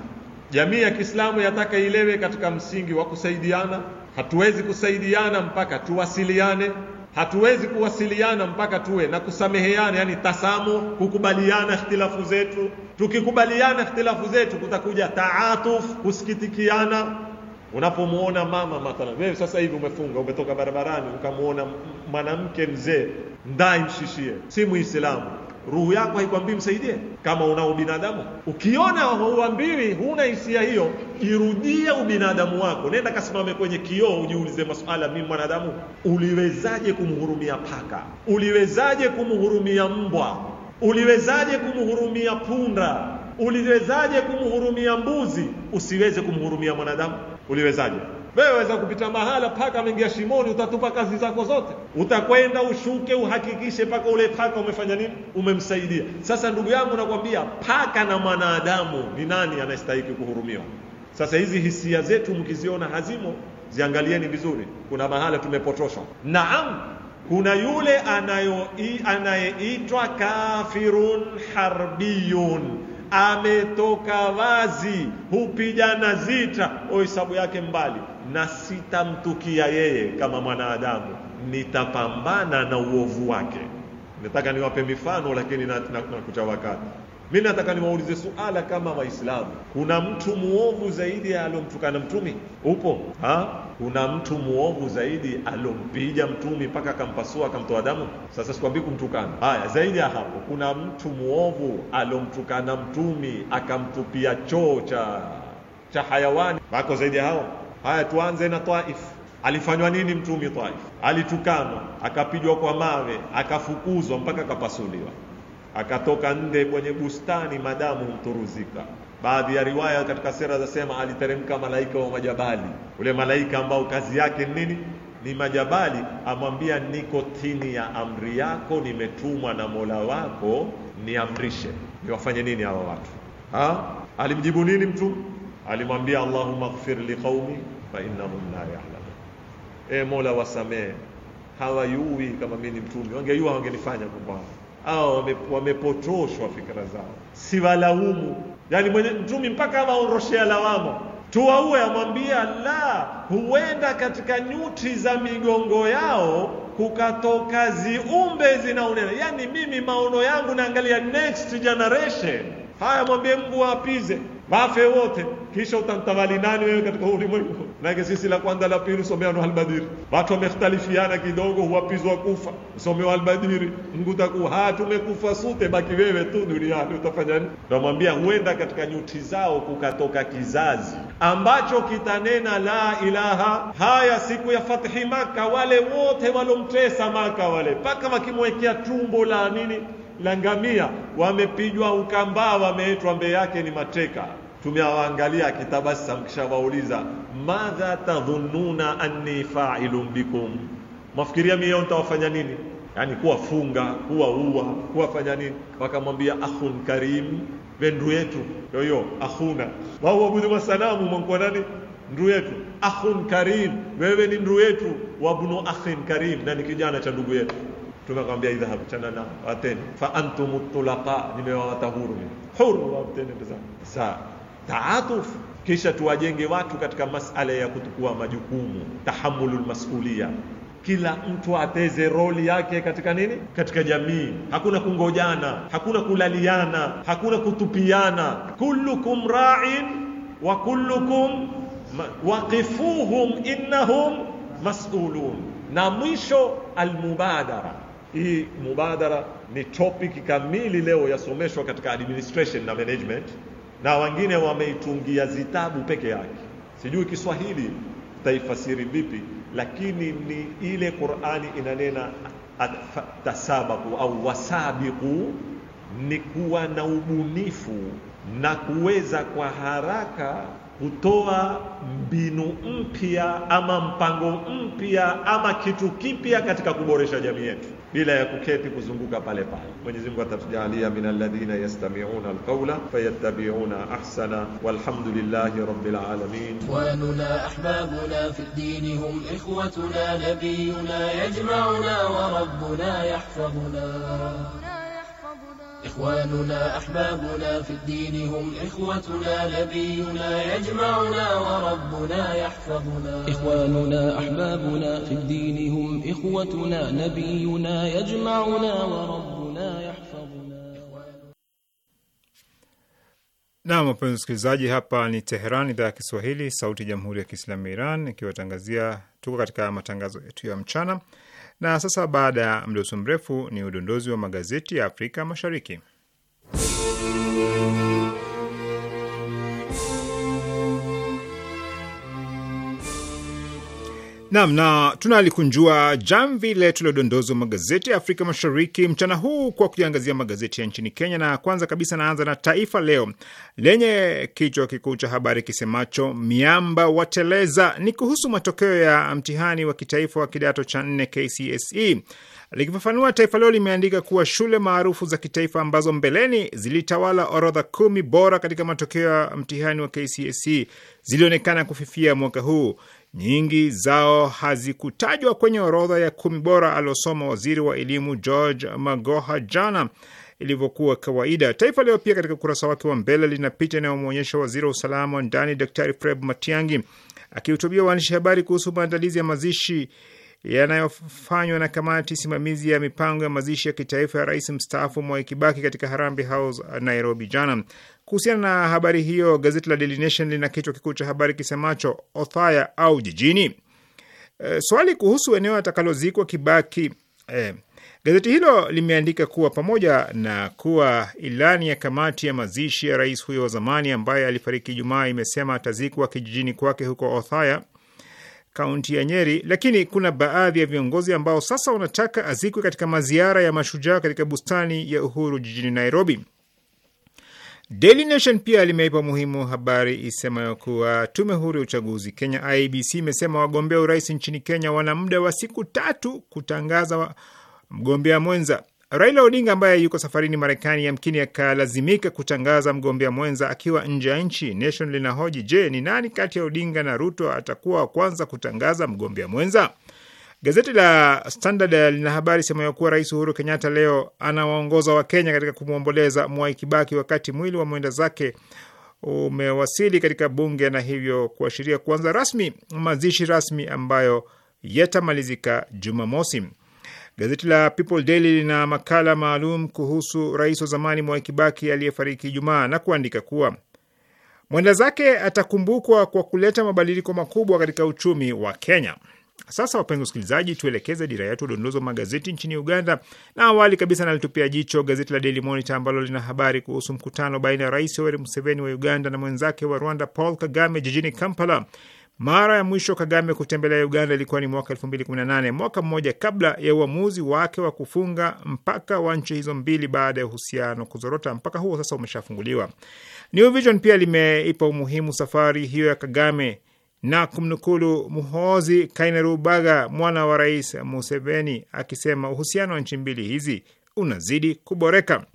Jamii ya Kiislamu yataka ilewe katika msingi wa kusaidiana. Hatuwezi kusaidiana mpaka tuwasiliane Hatuwezi kuwasiliana mpaka tuwe na kusameheana, yani tasamu, kukubaliana ikhtilafu zetu. Tukikubaliana ikhtilafu zetu, kutakuja taatuf, kusikitikiana. Unapomuona mama mathalan, wewe sasa hivi umefunga, umetoka barabarani, ukamuona mwanamke mzee, ndai mshishie, si Muislamu Ruhu yako haikwambii msaidie? Kama una ubinadamu, ukiona huambiwi, huna hisia hiyo, jirudie ubinadamu wako, nenda kasimame kwenye kioo, ujiulize masuala, mimi mwanadamu, uliwezaje kumhurumia paka? Uliwezaje kumhurumia mbwa? Uliwezaje kumhurumia punda? Uliwezaje kumhurumia mbuzi? Usiweze kumhurumia mwanadamu, uliwezaje? Wewe waweza kupita mahala paka ameingia shimoni, utatupa kazi zako zote, utakwenda ushuke, uhakikishe mpaka ule paka umefanya nini, umemsaidia. Sasa ndugu yangu, nakwambia paka na mwanadamu ni nani anastahili kuhurumiwa? Sasa hizi hisia zetu mkiziona hazimo, ziangalieni vizuri, kuna mahala tumepotoshwa. Naam, kuna yule anayeitwa kafirun harbiyun ametoka wazi, hupijana zita, hesabu yake mbali na sitamtukia yeye kama mwanadamu, nitapambana na uovu wake. Nataka niwape mifano, lakini nakucha wakati. Mimi nataka niwaulize suala kama Waislamu, kuna mtu muovu zaidi ya mtumi? Upo ha? Kuna mtu muovu zaidi alompija mtumi mpaka akampasua akamtoa damu? Sasa sikwambii kumtukana. Haya, zaidi ya hapo, kuna mtu muovu alomtukana mtumi akamtupia choo cha cha hayawani? Wako zaidi ya hao? Haya, tuanze na Taif. Alifanywa nini mtume Taif? Alitukanwa, akapigwa kwa mawe, akafukuzwa mpaka akapasuliwa, akatoka nde kwenye bustani madamu mturuzika. Baadhi ya riwaya katika sera zasema aliteremka malaika wa majabali, ule malaika ambao kazi yake nini? Ni majabali, amwambia niko chini ya amri yako, nimetumwa na Mola wako niamrishe niwafanye nini hawa watu ha? Alimjibu nini mtume alimwambia Allahumma ighfir liqaumi fa innahum la ya'lamun, e Mola wasamee, hawayui kama mimi ni mtume. Wangejua wangenifanya kwamba hao wamepotoshwa fikra zao, siwalaumu. Yani mwenye mtume mpaka awaondoshea lawama tuwaue, amwambia la, huenda katika nyuti za migongo yao kukatoka ziumbe zinaonena. Yani mimi maono yangu naangalia next generation. Haya, mwambie Mungu waapize wafe wote, kisha utamtawali nani wewe katika ulimwengu? Maanake sisi la kwanza la pili usomeano Albadiri, watu wamekhtalifiana kidogo, huwapizwa kufa, usomea Albadiri, Mungu takuwa ha, tumekufa sote, baki wewe tu duniani, utafanya nini? Namwambia huenda katika nyuti zao kukatoka kizazi ambacho kitanena la ilaha. Haya siku ya fathi Maka, wale wote walomtesa Maka wale, mpaka wakimwekea tumbo la nini la ngamia wamepijwa ukambaa, wameetwa mbele yake ni mateka. Tumewaangalia akitabasa, mkishawauliza madha tadhununa anni fa'ilun bikum, mwafikiria mimi nitawafanya nini? Yani kuwafunga, kuwaua, kuwafanya nini? Wakamwambia akhun karim, wendu yetu yoyo akhuna wao wabudu masanamu mwanko nani ndu yetu akhun karim, wewe ni ndu yetu wabnu akhin karim, na ni kijana cha ndugu yetu Mtume idha idhhab, chana nao, wateni fa antum tulaqa, nimewawata huru mimi, huru wawateni ndozani. sa taatuf, kisha tuwajenge watu katika masala ya kutukua majukumu, tahamulul masulia kila mtu ateze roli yake katika nini, katika jamii. Hakuna kungojana, hakuna kulaliana, hakuna kutupiana. kullukum ra'in wa kullukum waqifuhum innahum mas'ulun. Na mwisho almubadara hii mubadara ni topic kamili leo yasomeshwa katika administration na management, na wengine wameitungia zitabu peke yake. Sijui Kiswahili taifasiri vipi, lakini ni ile Qur'ani inanena tasabaku au wasabiqu, ni kuwa na ubunifu na kuweza kwa haraka kutoa mbinu mpya ama mpango mpya ama kitu kipya katika kuboresha jamii yetu. bila ya kuketi kuzunguka pale pale. Mwenyezi Mungu atatujalia min alladhina yastami'una alqawla fayattabi'una ahsana walhamdulillahi rabbil alamin. Wa anuna ahbabuna fi ad hum ikhwatuna nabiyuna yajma'una wa rabbuna yahfazuna إخواننا أحبابنا في الدين هم إخوتنا نبينا يجمعنا وربنا يحفظنا إخواننا أحبابنا في الدين هم إخوتنا نبينا يجمعنا وربنا يحفظنا نعم wapenzi msikilizaji, hapa ni Teheran, idhaa ya Kiswahili, sauti ya jamhuri ya kiislamu ya Iran, ikiwatangazia. Tuko katika matangazo yetu ya mchana na sasa baada ya mdoso mrefu ni udondozi wa magazeti ya Afrika Mashariki. Nam na tunalikunjua jamvi letu la udondozi wa magazeti ya Afrika Mashariki mchana huu kwa kuiangazia magazeti ya nchini Kenya, na kwanza kabisa naanza na Taifa Leo lenye kichwa kikuu cha habari kisemacho miamba wateleza. Ni kuhusu matokeo ya mtihani wa kitaifa wa kidato cha nne KCSE. Likifafanua, Taifa Leo limeandika kuwa shule maarufu za kitaifa ambazo mbeleni zilitawala orodha kumi bora katika matokeo ya mtihani wa KCSE zilionekana kufifia mwaka huu nyingi zao hazikutajwa kwenye orodha ya kumi bora aliosoma waziri wa elimu George Magoha jana ilivyokuwa kawaida. Taifa Leo pia katika ukurasa wake wa mbele lina picha inayomwonyesha waziri wa usalama wa ndani Daktari Fred Matiang'i akihutubia waandishi habari kuhusu maandalizi ya mazishi yanayofanywa na kamati simamizi ya mipango ya mazishi ya kitaifa ya rais mstaafu Mwai Kibaki katika Harambee House, Nairobi jana. Kuhusiana na habari hiyo, gazeti la Daily Nation lina kichwa kikuu cha habari kisemacho Othaya au jijini. E, swali kuhusu eneo atakalozikwa Kibaki. E, gazeti hilo limeandika kuwa pamoja na kuwa ilani ya kamati ya mazishi ya rais huyo wa zamani ambaye alifariki Ijumaa imesema atazikwa kijijini kwake huko Othaya, kaunti ya Nyeri, lakini kuna baadhi ya viongozi ambao sasa wanataka azikwe katika maziara ya mashujaa katika bustani ya Uhuru jijini Nairobi. Daily Nation pia limeipa muhimu habari isemayo kuwa tume huru ya uchaguzi Kenya ibc e imesema wagombea urais nchini Kenya wana muda wa siku tatu kutangaza mgombea mwenza. Raila Odinga ambaye yuko safarini Marekani yamkini akalazimika kutangaza mgombea mwenza akiwa nje ya nchi. Nation linahoji, je, ni nani kati ya Odinga na Ruto atakuwa wa kwanza kutangaza mgombea mwenza? Gazeti la Standard lina habari semayo kuwa Rais Uhuru Kenyatta leo anawaongoza Wakenya katika kumwomboleza Mwai Kibaki wakati mwili wa mwenda zake umewasili katika bunge na hivyo kuashiria kuanza rasmi mazishi rasmi ambayo yatamalizika Jumamosi. Gazeti la People Daily lina makala maalum kuhusu rais wa zamani Mwai Kibaki aliyefariki Ijumaa na kuandika kuwa mwenda zake atakumbukwa kwa kuleta mabadiliko makubwa katika uchumi wa Kenya. Sasa wapenzi wasikilizaji, tuelekeze dira yetu udondozi wa magazeti nchini Uganda, na awali kabisa nalitupia jicho gazeti la Daily Monitor ambalo lina habari kuhusu mkutano baina ya Rais Yoweri Museveni wa Uganda na mwenzake wa Rwanda Paul Kagame jijini Kampala. Mara ya mwisho Kagame kutembelea Uganda ilikuwa ni mwaka 2018, mwaka mmoja kabla ya uamuzi wake wa kufunga mpaka wa nchi hizo mbili baada ya uhusiano kuzorota. Mpaka huo sasa umeshafunguliwa. New Vision pia limeipa umuhimu safari hiyo ya Kagame na kumnukulu Muhoozi Kainerubaga, mwana wa rais Museveni, akisema uhusiano wa nchi mbili hizi unazidi kuboreka.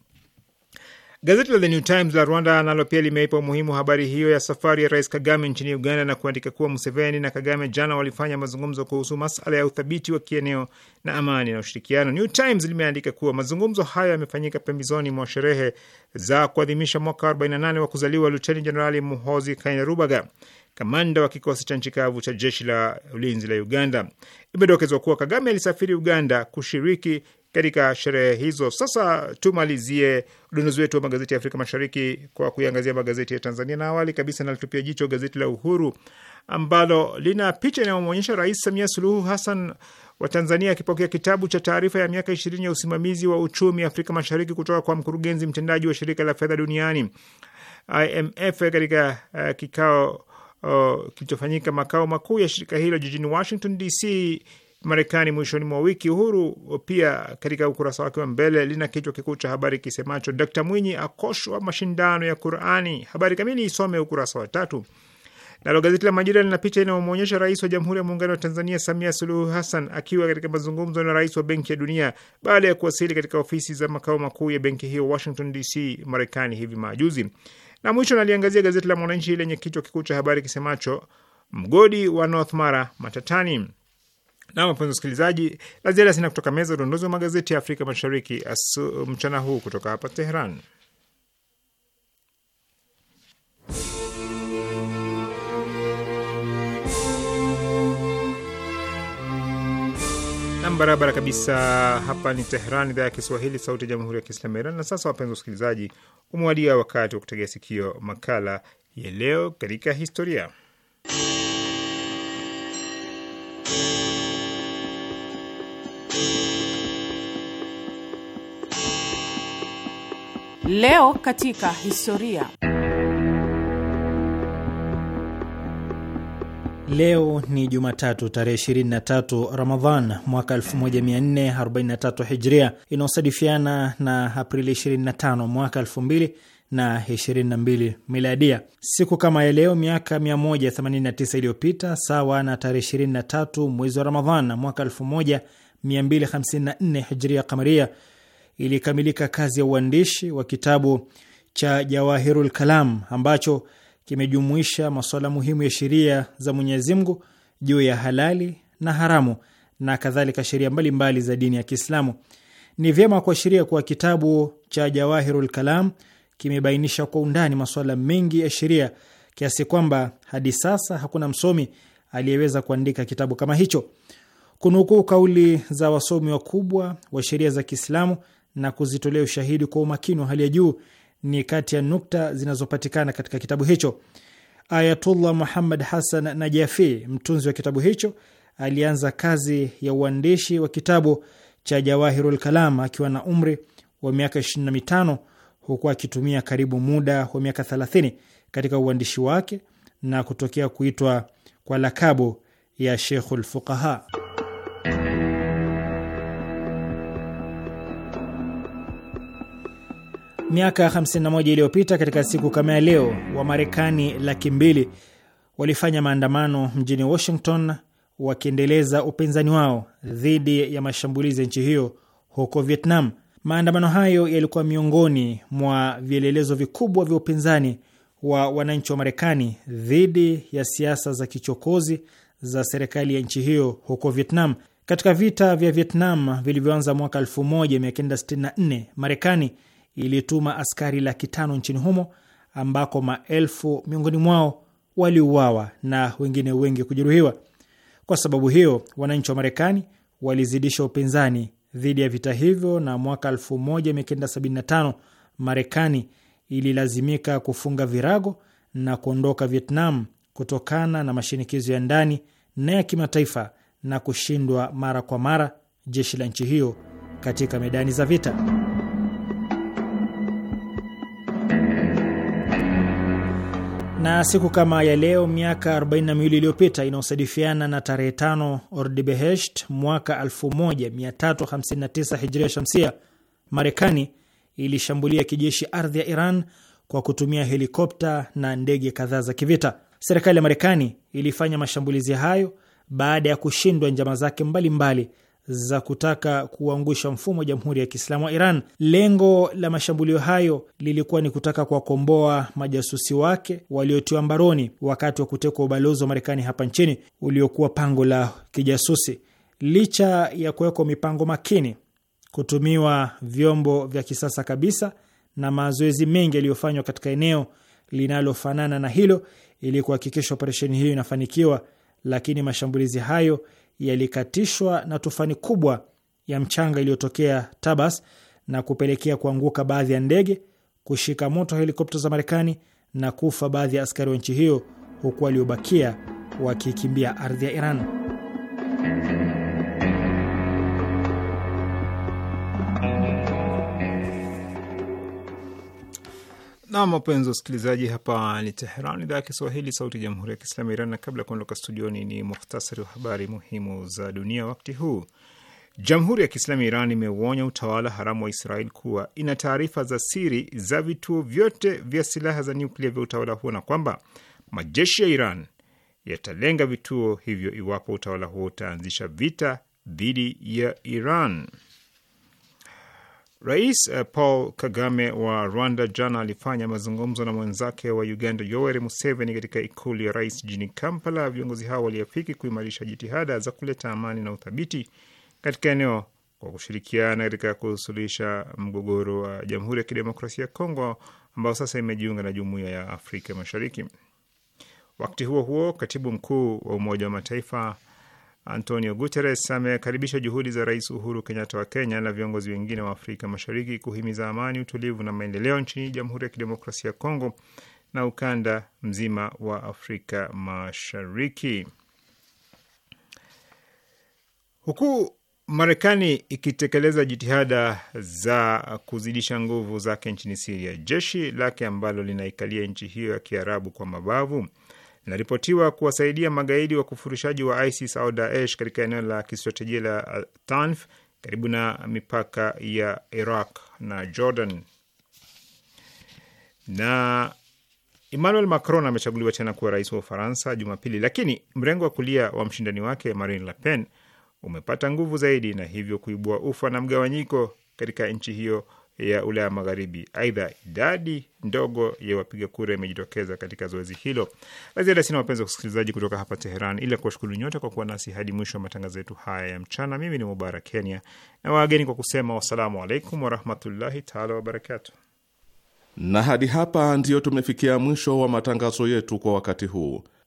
Gazeti la The New Times la Rwanda nalo pia limeipa umuhimu habari hiyo ya safari ya Rais Kagame nchini Uganda na kuandika kuwa Museveni na Kagame jana walifanya mazungumzo kuhusu masuala ya uthabiti wa kieneo na amani na ushirikiano. New Times limeandika kuwa mazungumzo hayo yamefanyika pembezoni mwa sherehe za kuadhimisha mwaka 48 wa kuzaliwa Luteni Jenerali Muhozi Kainerubaga, kamanda wa kikosi cha nchi kavu cha jeshi la ulinzi la Uganda. Imedokezwa kuwa Kagame alisafiri Uganda kushiriki katika sherehe hizo. Sasa tumalizie udunduzi wetu wa magazeti ya Afrika Mashariki kwa kuiangazia magazeti ya Tanzania, na awali kabisa nalitupia jicho gazeti la Uhuru ambalo lina picha inayomwonyesha Rais Samia Suluhu Hassan wa Tanzania akipokea kitabu cha taarifa ya miaka ishirini ya usimamizi wa uchumi Afrika Mashariki kutoka kwa mkurugenzi mtendaji wa shirika la fedha duniani IMF katika uh, kikao uh, kilichofanyika makao makuu ya shirika hilo jijini Washington DC Marekani mwishoni mwa wiki. Uhuru pia katika ukurasa wake wa mbele lina kichwa kikuu cha habari kisemacho Dkt Mwinyi akoshwa mashindano ya Qurani. Habari kamili isome ukurasa wa tatu. Nalo gazeti la Majira lina picha inayomwonyesha rais wa Jamhuri ya Muungano wa Tanzania Samia Suluhu Hassan akiwa katika mazungumzo na rais wa Benki ya Dunia baada ya kuwasili katika ofisi za makao makuu ya benki hiyo Washington DC, Marekani hivi majuzi. Na mwisho naliangazia gazeti la Mwananchi lenye kichwa kikuu cha habari kisemacho mgodi wa North Mara matatani. Na wapenzi msikilizaji, la ziada sina kutoka meza udondozi wa magazeti ya Afrika Mashariki asu, mchana huu kutoka hapa Teheran. Nam barabara kabisa, hapa ni Teheran, idhaa ya Kiswahili, sauti ya jamhuri ya kiislamu ya Iran. Na sasa, wapenzi wasikilizaji, umewadia wakati wa kutegea sikio makala ya leo katika historia Leo katika historia. Leo ni Jumatatu tarehe 23 Ramadhan mwaka 1443 Hijria, inayosadifiana na Aprili 25 mwaka 2022 Miladia. Siku kama ya leo miaka 189 iliyopita, sawa na tarehe 23 mwezi wa Ramadhan mwaka 1254 Hijria Kamaria, ilikamilika kazi ya uandishi wa kitabu cha Jawahirul Kalam ambacho kimejumuisha masuala muhimu ya sheria za Mwenyezi Mungu juu ya halali na haramu na kadhalika sheria mbalimbali za dini ya Kiislamu. Ni vyema kuashiria kuwa kitabu cha Jawahirul Kalam kimebainisha kwa undani masuala mengi ya sheria kiasi kwamba hadi sasa hakuna msomi aliyeweza kuandika kitabu kama hicho. Kunukuu kauli za wasomi wakubwa wa sheria za Kiislamu na kuzitolea ushahidi kwa umakini wa hali ya juu ni kati ya nukta zinazopatikana katika kitabu hicho. Ayatullah Muhammad Hassan Najafi, mtunzi wa kitabu hicho, alianza kazi ya uandishi wa kitabu cha Jawahirul Kalam akiwa na umri wa miaka 25 huku akitumia karibu muda wa miaka 30 katika uandishi wake na kutokea kuitwa kwa lakabu ya Sheikhul Fuqaha. Miaka 51 iliyopita katika siku kama ya leo, Wamarekani laki mbili walifanya maandamano mjini Washington wakiendeleza upinzani wao dhidi ya mashambulizi ya nchi hiyo huko Vietnam. Maandamano hayo yalikuwa miongoni mwa vielelezo vikubwa vya upinzani wa wananchi wa Marekani dhidi ya siasa za kichokozi za serikali ya nchi hiyo huko Vietnam. Katika vita vya Vietnam vilivyoanza mwaka 1964 Marekani ilituma askari laki tano nchini humo ambako maelfu miongoni mwao waliuawa na wengine wengi kujeruhiwa. Kwa sababu hiyo, wananchi wa Marekani walizidisha upinzani dhidi ya vita hivyo, na mwaka 1975 Marekani ililazimika kufunga virago na kuondoka Vietnam kutokana na mashinikizo ya ndani na ya kimataifa na kushindwa mara kwa mara jeshi la nchi hiyo katika medani za vita. na siku kama ya leo miaka 42 iliyopita inaosadifiana na tarehe 5 Ordibehesht mwaka 1359 Hijria Shamsia, Marekani ilishambulia kijeshi ardhi ya Iran kwa kutumia helikopta na ndege kadhaa za kivita. Serikali ya Marekani ilifanya mashambulizi hayo baada ya kushindwa njama zake mbalimbali za kutaka kuangusha mfumo wa Jamhuri ya Kiislamu wa Iran. Lengo la mashambulio hayo lilikuwa ni kutaka kuwakomboa majasusi wake waliotiwa mbaroni wakati wa kutekwa ubalozi wa Marekani hapa nchini uliokuwa pango la kijasusi. Licha ya kuwekwa mipango makini, kutumiwa vyombo vya kisasa kabisa na mazoezi mengi yaliyofanywa katika eneo linalofanana na hilo ili kuhakikisha operesheni hiyo inafanikiwa, lakini mashambulizi hayo yalikatishwa na tufani kubwa ya mchanga iliyotokea Tabas na kupelekea kuanguka baadhi ya ndege, kushika moto helikopta za Marekani na kufa baadhi ya askari wa nchi hiyo, huku waliobakia wakikimbia ardhi ya Iran. Nam, wapenzi usikilizaji hapa ni Teheran, idhaa ya Kiswahili, sauti ya jamhuri ya kiislamu ya Iran. Na kabla ya kuondoka studioni, ni muhtasari wa habari muhimu za dunia wakati huu. Jamhuri ya Kiislamu ya Iran imeuonya utawala haramu wa Israel kuwa ina taarifa za siri za vituo vyote vya silaha za nyuklia vya utawala huo na kwamba majeshi ya Iran yatalenga vituo hivyo iwapo utawala huo utaanzisha vita dhidi ya Iran. Rais eh, Paul Kagame wa Rwanda jana alifanya mazungumzo na mwenzake wa Uganda Yoweri Museveni katika ikulu ya rais jijini Kampala. Viongozi hao waliafiki kuimarisha jitihada za kuleta amani na uthabiti katika eneo kwa kushirikiana katika kusuluhisha mgogoro wa Jamhuri ya Kidemokrasia ya Kongo ambayo sasa imejiunga na Jumuiya ya Afrika Mashariki. Wakati huo huo, katibu mkuu wa Umoja wa Mataifa Antonio Guterres amekaribisha juhudi za Rais Uhuru Kenyatta wa Kenya na viongozi wengine wa Afrika Mashariki kuhimiza amani, utulivu na maendeleo nchini Jamhuri ya Kidemokrasia ya Kongo na ukanda mzima wa Afrika Mashariki. Huku Marekani ikitekeleza jitihada za kuzidisha nguvu zake nchini Siria, jeshi lake ambalo linaikalia nchi hiyo ya Kiarabu kwa mabavu inaripotiwa kuwasaidia magaidi wa kufurishaji wa ISIS au Daesh katika eneo la kistratejia la Tanf karibu na mipaka ya Iraq na Jordan. Na Emmanuel Macron amechaguliwa tena kuwa rais wa Ufaransa Jumapili, lakini mrengo wa kulia wa mshindani wake Marine Le Pen umepata nguvu zaidi na hivyo kuibua ufa na mgawanyiko katika nchi hiyo ya Ulaya Magharibi. Aidha, idadi ndogo ya wapiga kura imejitokeza katika zoezi hilo. La ziada sina, wapenzi wa kusikilizaji, kutoka hapa Teheran, ila kuwashukuru nyote kwa kuwa nasi hadi mwisho wa matangazo yetu haya ya mchana. Mimi ni Mubarak Kenya na wageni kwa kusema wassalamu alaikum warahmatullahi taala wabarakatu. Na hadi hapa ndiyo tumefikia mwisho wa matangazo yetu kwa wakati huu.